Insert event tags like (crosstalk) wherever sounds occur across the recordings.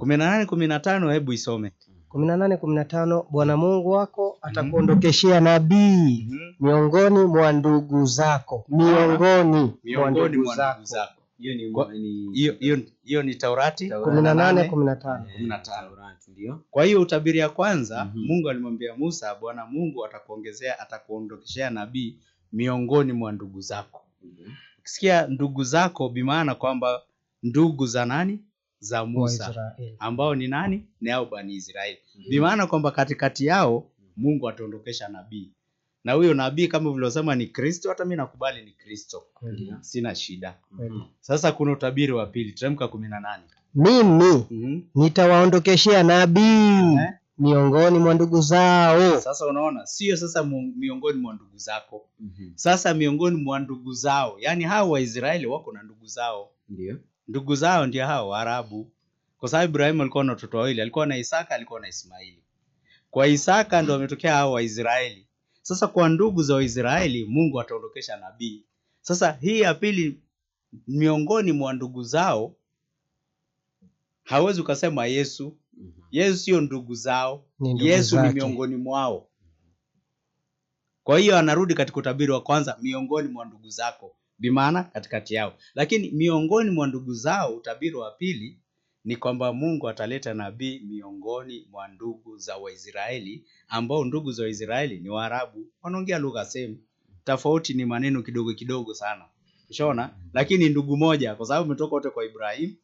kumi na nane kumi na tano hebu isome kumi na nane kumi na tano Bwana Mungu wako atakuondokeshea mm-hmm. nabii mm-hmm. miongoni mwa ndugu zako, ah, miongoni mwa ndugu zako. Hiyo ni Taurati kumi na nane kumi na tano Kwa hiyo utabiri ya kwanza mm -hmm. Mungu alimwambia Musa, Bwana Mungu atakuongezea atakuondokeshea nabii miongoni mwa ndugu zako. Mm-hmm. Ukisikia mm -hmm. ndugu zako, bimaana kwamba ndugu za nani? za Musa ambao ni nani? Ni hao bani Israeli. Ni mm-hmm. maana kwamba katikati yao Mungu ataondokesha nabii, na huyo nabii kama vilivyosema ni Kristo. Hata mimi nakubali ni Kristo, sina shida. Sasa kuna utabiri wa pili, Teremka kumi na nane mimi mm -hmm. nitawaondokeshea nabii eh? miongoni mwa ndugu zao. Sasa unaona, sio sasa miongoni mwa ndugu zako mm -hmm. Sasa miongoni mwa ndugu zao, yaani hao Waisraeli wako na ndugu zao, ndio ndugu zao ndio hao Waarabu, kwa sababu Ibrahimu alikuwa na watoto wawili, alikuwa na Isaka, alikuwa na Ismaili. Kwa Isaka ndio wametokea hao Waisraeli. Sasa kwa ndugu za Waisraeli Mungu ataondokesha nabii. Sasa hii ya pili miongoni mwa ndugu zao hawezi ukasema Yesu. Mhm. Yesu sio ndugu zao, ni ndugu Yesu zake. Ni miongoni mwao. Kwa hiyo anarudi katika utabiri wa kwanza, miongoni mwa ndugu zako bimaana katikati yao. Lakini miongoni mwa ndugu zao, utabiri wa pili ni kwamba Mungu ataleta nabii miongoni mwa ndugu za Waisraeli, ambao ndugu za Waisraeli ni Waarabu, wanaongea lugha same, tofauti ni maneno kidogo kidogo sana, ushaona, lakini ndugu moja, kwa sababu umetoka wote kwa Ibrahim.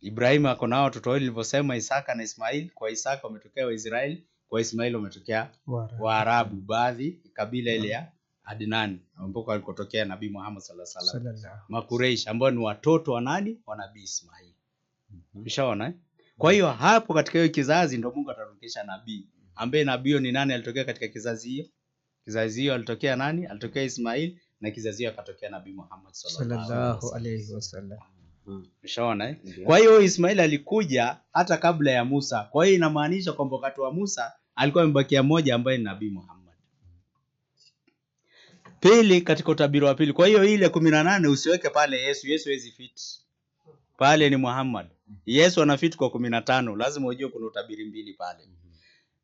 Ibrahim ako nao watoto wao nilivyosema, Isaka na Ismail. Kwa Isaka wametokea Waisraeli, kwa Ismail wametokea Waarabu, baadhi kabila ile ya hadi nani ambako alikotokea Nabii Muhammad sallallahu alaihi wasallam, Makureish ambao ni watoto wa nani wa Nabii Ismail. Mhm. Ushaona eh? Kwa hiyo hapo katika hiyo kizazi ndio Mungu atarudisha nabii ambaye nabii ni nani? Alitokea katika kizazi hiyo, kizazi hiyo alitokea nani? Alitokea Ismail na kizazi hiyo akatokea Nabii Muhammad sallallahu alaihi wasallam. Mhm. Ushaona eh? Kwa hiyo Ismail alikuja hata kabla ya Musa. Kwa hiyo inamaanisha kwamba wakati wa Musa alikuwa amebakia mmoja ambaye ni Nabii Muhammad Pili, katika utabiri wa pili. Kwa hiyo ile kumi na nane usiweke pale Yesu. Yesu hezi fit pale, ni Muhammad. Yesu ana fit kwa kumi na tano. Lazima ujue kuna utabiri mbili pale.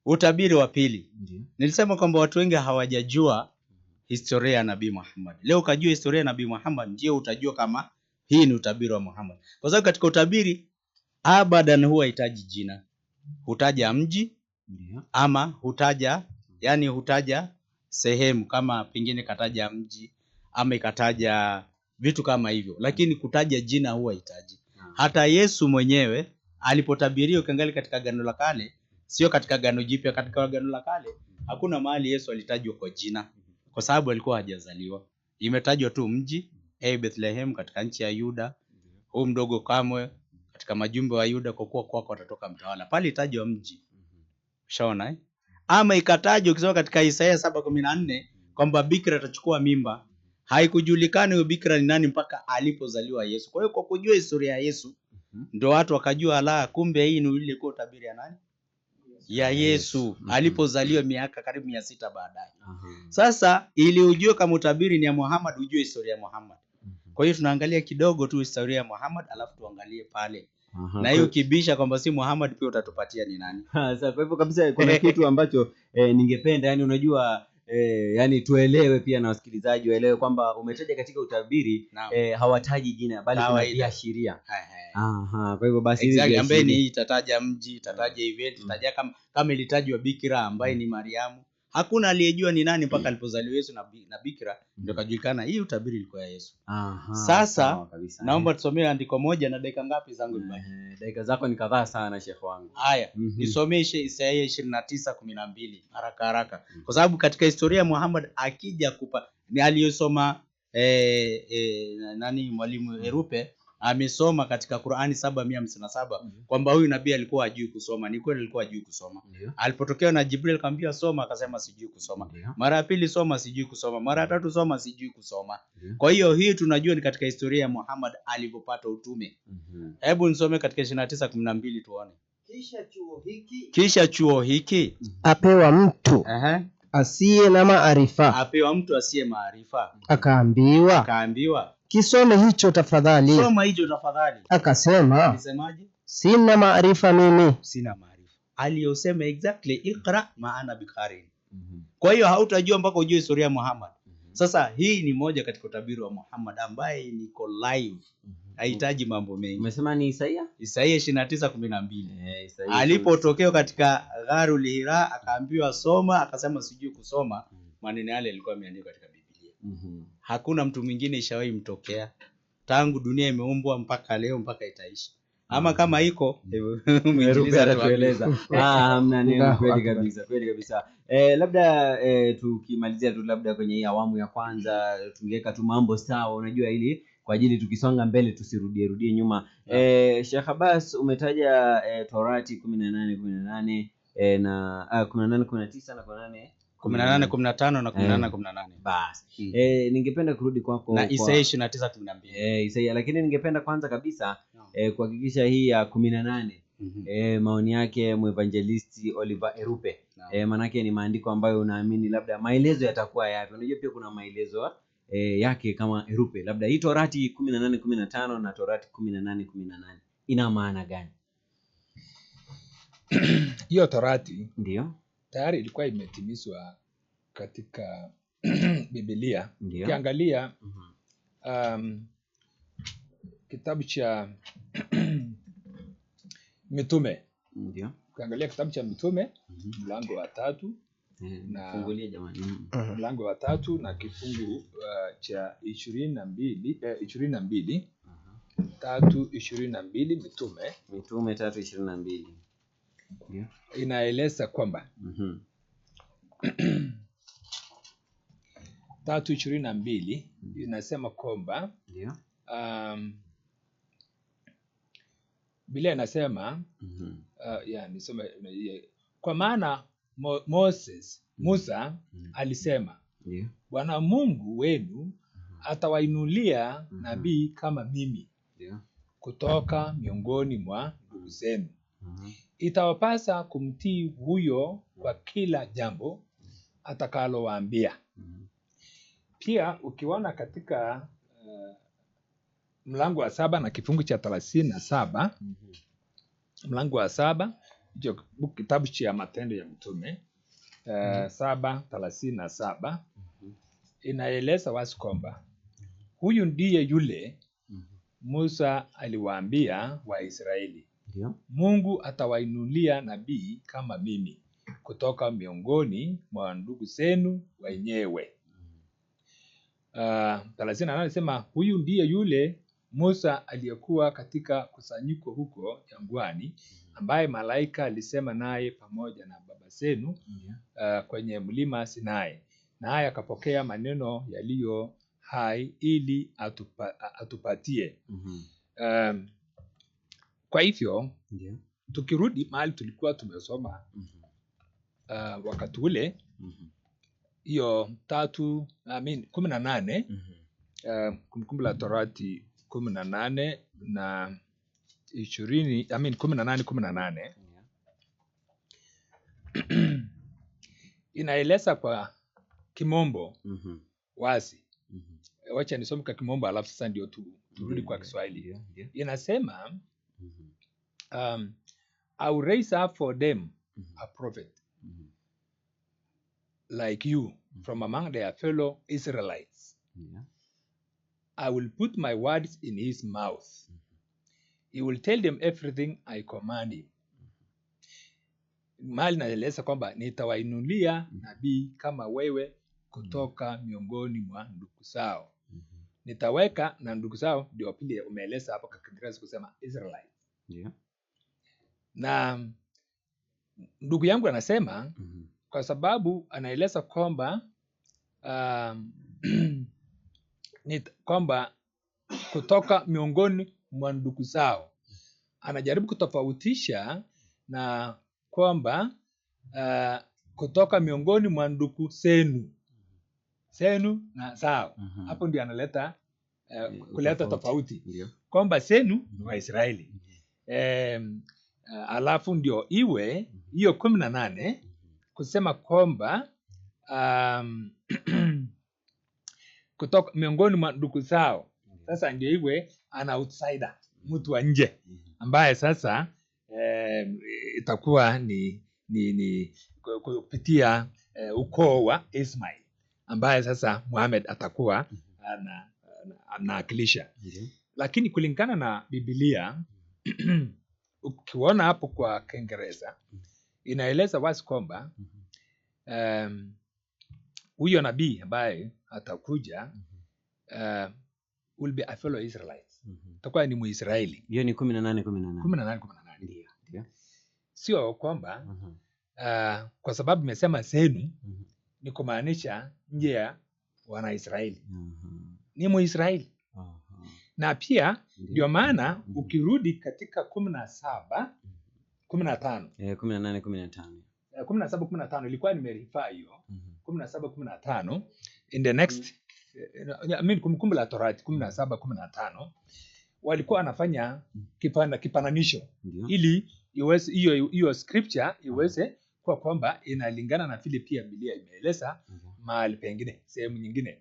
Utabiri wa pili, nilisema kwamba watu wengi hawajajua historia ya Nabii Muhammad. Leo ukajua historia ya Nabii Muhammad, ndio utajua kama hii ni utabiri wa Muhammad, kwa sababu katika utabiri abadan huwa hitaji jina, hutaja mji ama hutaja yani hutaja sehemu kama pengine kataja mji ama ikataja vitu kama hivyo, lakini kutaja jina huwa hitaji. Ah. Hata Yesu mwenyewe alipotabiria, ukiangalia katika gano la Kale, sio katika gano Jipya, katika gano la Kale hakuna mahali Yesu alitajwa kwa jina, kwa sababu alikuwa hajazaliwa. Imetajwa tu mji hey, eh, Bethlehem katika nchi ya Yuda, huu mdogo kamwe katika majumbe wa Yuda, kwa kuwa kwako watatoka mtawala. Pale itajwa mji, mhm. ushaona eh? ama ikataje ukisoma katika Isaya 7:14 kwamba bikira atachukua mimba. Haikujulikana huyo bikira ni nani mpaka alipozaliwa Yesu. Kwa hiyo kwa kujua historia ya Yesu mhm. ndio watu wakajua, la, kumbe hii ni ile kwa tabiri ya nani? ya Yesu mhm. alipozaliwa miaka karibu mia sita baadaye. Sasa ili ujue kama utabiri ni ya Muhammad, ujue historia ya Muhammad. Mhm. Kwa hiyo tunaangalia kidogo tu historia ya Muhammad alafu tuangalie pale na hiyo ukibisha kwamba si Muhammad pia utatupatia ni nani. (laughs) Sasa kwa hivyo kabisa kuna (laughs) kitu ambacho eh, ningependa yani unajua eh, yani tuelewe pia na wasikilizaji waelewe kwamba umetaja katika utabiri eh, hawataji jina bali kuna viashiria. Aha, kwa hivyo basi exactly, ambaye ni itataja mji, itataja event, itataja kama kama ilitajwa Bikira ambaye ni Mariamu hakuna aliyejua ni nani mpaka mm. alipozaliwa Yesu na, na bikira ndio mm. kajulikana hii utabiri ilikuwa ya Yesu. Aha, sasa eh. naomba tusomee andiko moja na dakika ngapi zangu eh, zibaki? Dakika zako ni kadhaa sana shekhi wangu. Haya, mhm. nisomeshe Isaya ishirini na tisa kumi na mbili haraka haraka, mm. kwa sababu katika historia ya Muhammad akija kupa ni aliyosoma eh, eh, nani mwalimu Herupe amesoma katika Qur'ani 757 mm -hmm. kwamba huyu nabii alikuwa ajui kusoma. Ni kweli alikuwa ajui kusoma yeah. alipotokea na Jibril akamwambia soma, akasema sijui kusoma yeah. Mara ya pili soma, sijui kusoma. Mara ya tatu soma, sijui kusoma yeah. Kwa hiyo hii tunajua ni katika historia ya Muhammad alivyopata utume. mm -hmm. nisome katika 29:12 tuone. Kisha chuo hiki, kisha chuo hiki apewa mtu uh -huh asiye na maarifa, apewa mtu asiye maarifa, akaambiwa akaambiwa Kisome hicho tafadhali. Soma hicho tafadhali. Akasema, Alisemaje? Sina maarifa mimi. Sina maarifa. Aliyosema exactly iqra maana bikhari. Mm -hmm. Kwa hiyo hautajua mpaka ujue historia ya Muhammad. Mm -hmm. Sasa hii ni moja katika utabiri wa Muhammad ambaye niko live. Mm -hmm. Hahitaji mambo mengi. Umesema ni Isaia? Isaia 29:12. Eh, Isaia. Alipotokea katika Gharul Hira akaambiwa soma, akasema sijui kusoma. Mhm. Maneno yale yalikuwa yameandikwa katika mm -hmm. Hakuna mtu mwingine ishawahi mtokea tangu dunia imeumbwa mpaka leo mpaka itaisha ama mhm. kama iko mhm. anatueleza (laughs) (laughs) ah, hamna neno. Kweli kabisa, kweli kabisa. Eh, labda eh, tukimalizia tu labda kwenye hii awamu ya kwanza tungeweka tu mambo sawa, unajua ili kwa ajili tukisonga mbele tusirudie rudie nyuma yeah. Eh, Sheikh Abbas umetaja eh, Torati kumi na nane kumi na nane eh, na ah, kumi na nane kumi na tisa na kumi na nane Mm. Eh. Mm. Eh, ningependa kurudi kwako eh, lakini ningependa kwanza kabisa no. e, kuhakikisha hii ya kumi na nane mm-hmm. e, maoni yake mevangelisti Oliver Erupe no. e, maanake ni maandiko ambayo unaamini labda maelezo yatakuwa yapi? Unajua pia kuna maelezo e, yake kama Erupe, labda hii Torati kumi na nane kumi na tano na Torati kumi na nane kumi na nane ina maana gani (clears throat) hiyo Torati? Ndio tayari ilikuwa imetimizwa katika (clears throat) Biblia. Ukiangalia mhm. um, kitabu cha (clears throat) mitume ukiangalia kitabu cha mitume mhm. mlango wa tatu eh, na mhm. mlango wa tatu na kifungu uh, cha ishirini na mbili eh, ishirini na mbili tatu ishirini na mbili mitume mitume tatu ishirini na mbili yeah. inaeleza kwamba mm -hmm. (clears throat) tatu ishirini na mbili mm -hmm. inasema kwamba yeah. um, bila inasema mm -hmm. uh, yeah, nisome kwa maana Mo Moses mm. Musa mm -hmm. alisema yeah. Bwana Mungu wenu mm -hmm. atawainulia mm -hmm. nabii kama mimi yeah. kutoka miongoni mwa ndugu zenu mm -hmm itawapasa kumtii huyo kwa kila jambo atakalowaambia. Pia ukiona katika uh, mlango wa saba na kifungu cha thelathini na saba mlango wa saba hicho kitabu cha Matendo ya Mtume uh, eh, saba thelathini na saba inaeleza wazi kwamba huyu ndiye yule Musa aliwaambia Waisraeli Mungu atawainulia nabii kama mimi kutoka miongoni mwa ndugu zenu wenyewe. Mm. Ah, thelathini na nane sema huyu ndiye yule Musa aliyekuwa katika kusanyiko huko jangwani mm. ambaye malaika alisema naye pamoja na baba zenu uh, kwenye mlima Sinai, naye akapokea maneno yaliyo hai ili atupa, atupatie mm -hmm. um, kwa hivyo yeah. Tukirudi mahali tulikuwa tumesoma mm -hmm. uh, wakati ule mhm. hiyo mm -hmm. tatu I mean, kumi na nane mm -hmm. uh, Kumbukumbu la Torati kumi na nane na ishirini I mean, kumi na nane kumi na nane yeah. (clears throat) inaeleza kwa kimombo mm -hmm. wazi mm -hmm. Wacha nisome kwa kimombo alafu sasa ndio turudi tu mm -hmm. kwa Kiswahili yeah. Yeah. inasema um, I will raise up for them mm-hmm. a prophet mm-hmm. like you mm-hmm. from among their fellow Israelites. Yeah. I will put my words in his mouth. He will tell them everything I command him. Mali naeleza kwamba nitawainulia nabii kama wewe kutoka miongoni mwa ndugu zao. Nitaweka na ndugu zao ndio pili umeeleza hapo kwa kusema israelite Yeah na ndugu yangu anasema mm-hmm. kwa sababu anaeleza kwamba uh, (clears throat) kwamba kutoka miongoni mwa ndugu zao anajaribu kutofautisha na kwamba uh, kutoka miongoni mwa ndugu zenu zenu na zao mm-hmm. hapo ndio analeta uh, eh, kuleta tofauti kwamba zenu ni mhm. waisraeli um, uh, alafu ndio iwe mhm. hiyo kumi na nane kusema kwamba um, (clears throat) kutoka miongoni mwa ndugu zao mhm. sasa ndio iwe ana outsider mtu wa nje mhm. ambaye sasa eh, itakuwa ni, ni, ni kupitia eh, ukoo wa Ismail ambaye sasa muhamed atakuwa anaakilisha ana, ana, ana, lakini kulingana na bibilia (clears throat) ukiona hapo kwa Kiingereza inaeleza wazi kwamba huyo um, nabii ambaye atakuja uh, will be a fellow Israelite, mhm. atakuwa ni Muisraeli. Hiyo ni kumi na nane kumi na nane kumi na nane kumi na nane ndio ndio, sio kwamba uh, kwa sababu imesema zenu mm-hmm. ni kumaanisha nje ya Wanaisraeli, mm-hmm. ni Muisraeli na pia ndio maana mm-hmm. ukirudi katika kumi na saba kumi na tano eh, kumi na nane kumi na tano eh, kumi na saba kumi na tano ilikuwa nimerifaa hiyo mm-hmm. kumi na saba kumi na tano in the next eh, I mean, Kumbukumbu la Torati kumi na saba kumi na tano walikuwa wanafanya kipana, kipananisho yeah. ili hiyo hiyo scripture iweze kuwa kwamba inalingana na vile pia Biblia imeeleza mm-hmm. mahali pengine sehemu nyingine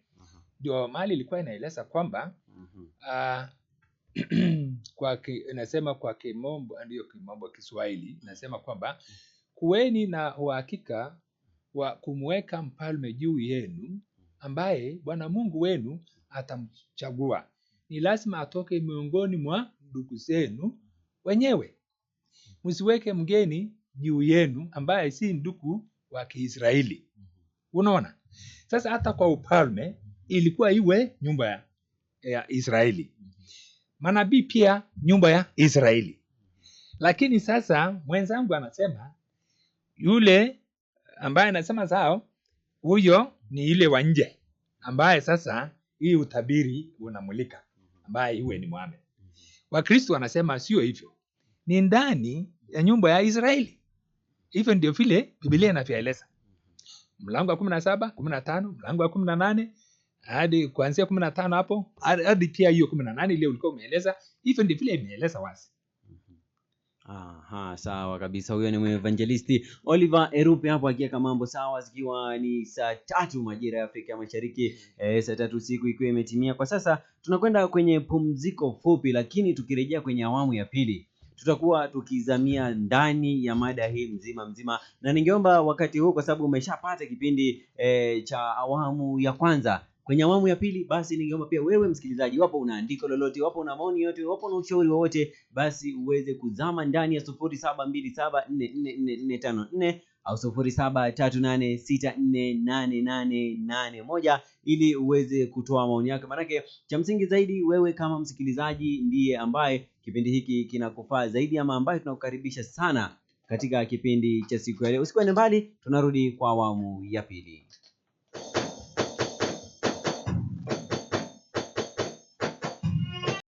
ndio mali ilikuwa inaeleza kwamba mm -hmm. uh, kwa ki, inasema kwa kimombo ndio kimombo Kiswahili inasema kwamba kuweni na uhakika wa kumweka mfalme juu yenu ambaye Bwana Mungu wenu atamchagua. Ni lazima atoke miongoni mwa ndugu zenu wenyewe. Msiweke mgeni juu yenu ambaye si ndugu wa Kiisraeli. Mhm. Unaona? Sasa hata kwa upalme ilikuwa iwe nyumba ya, ya Israeli, manabii pia nyumba ya Israeli. Lakini sasa mwenzangu anasema yule ambaye anasema sawa, huyo ni ile wa nje ambaye sasa hii utabiri unamulika, ambaye iwe ni Muhammad. Wakristo wanasema sio hivyo, ni ndani ya nyumba ya Israeli. Hivyo ndio vile Biblia inavyoeleza mlango wa kumi na saba kumi na tano mlango wa kumi na nane hadi kuanzia kumi na tano hapo hadi pia hiyo kumi na nane ile ulikuwa umeeleza hivyo ndi vile imeeleza wazi. Mhm. Aha, sawa kabisa. Huyo ni mwevangelisti Oliver Erupe hapo akiweka mambo sawa, zikiwa ni saa tatu majira ya Afrika Mashariki, e, saa tatu siku ikiwa imetimia. Kwa sasa tunakwenda kwenye pumziko fupi, lakini tukirejea kwenye awamu ya pili tutakuwa tukizamia ndani ya mada hii mzima mzima, na ningeomba wakati huu, kwa sababu umeshapata kipindi e, cha awamu ya kwanza kwenye awamu ya pili, basi ningeomba pia wewe msikilizaji, wapo una andiko lolote, wapo una maoni yote, wapo una ushauri wowote, basi uweze kuzama ndani ya 0727444454 au 0738648881 ili uweze kutoa maoni yako, maanake cha msingi zaidi wewe kama msikilizaji ndiye ambaye kipindi hiki kinakufaa zaidi, ama ambaye tunakukaribisha sana katika kipindi cha siku ya leo. Usikwende mbali, tunarudi kwa awamu ya pili.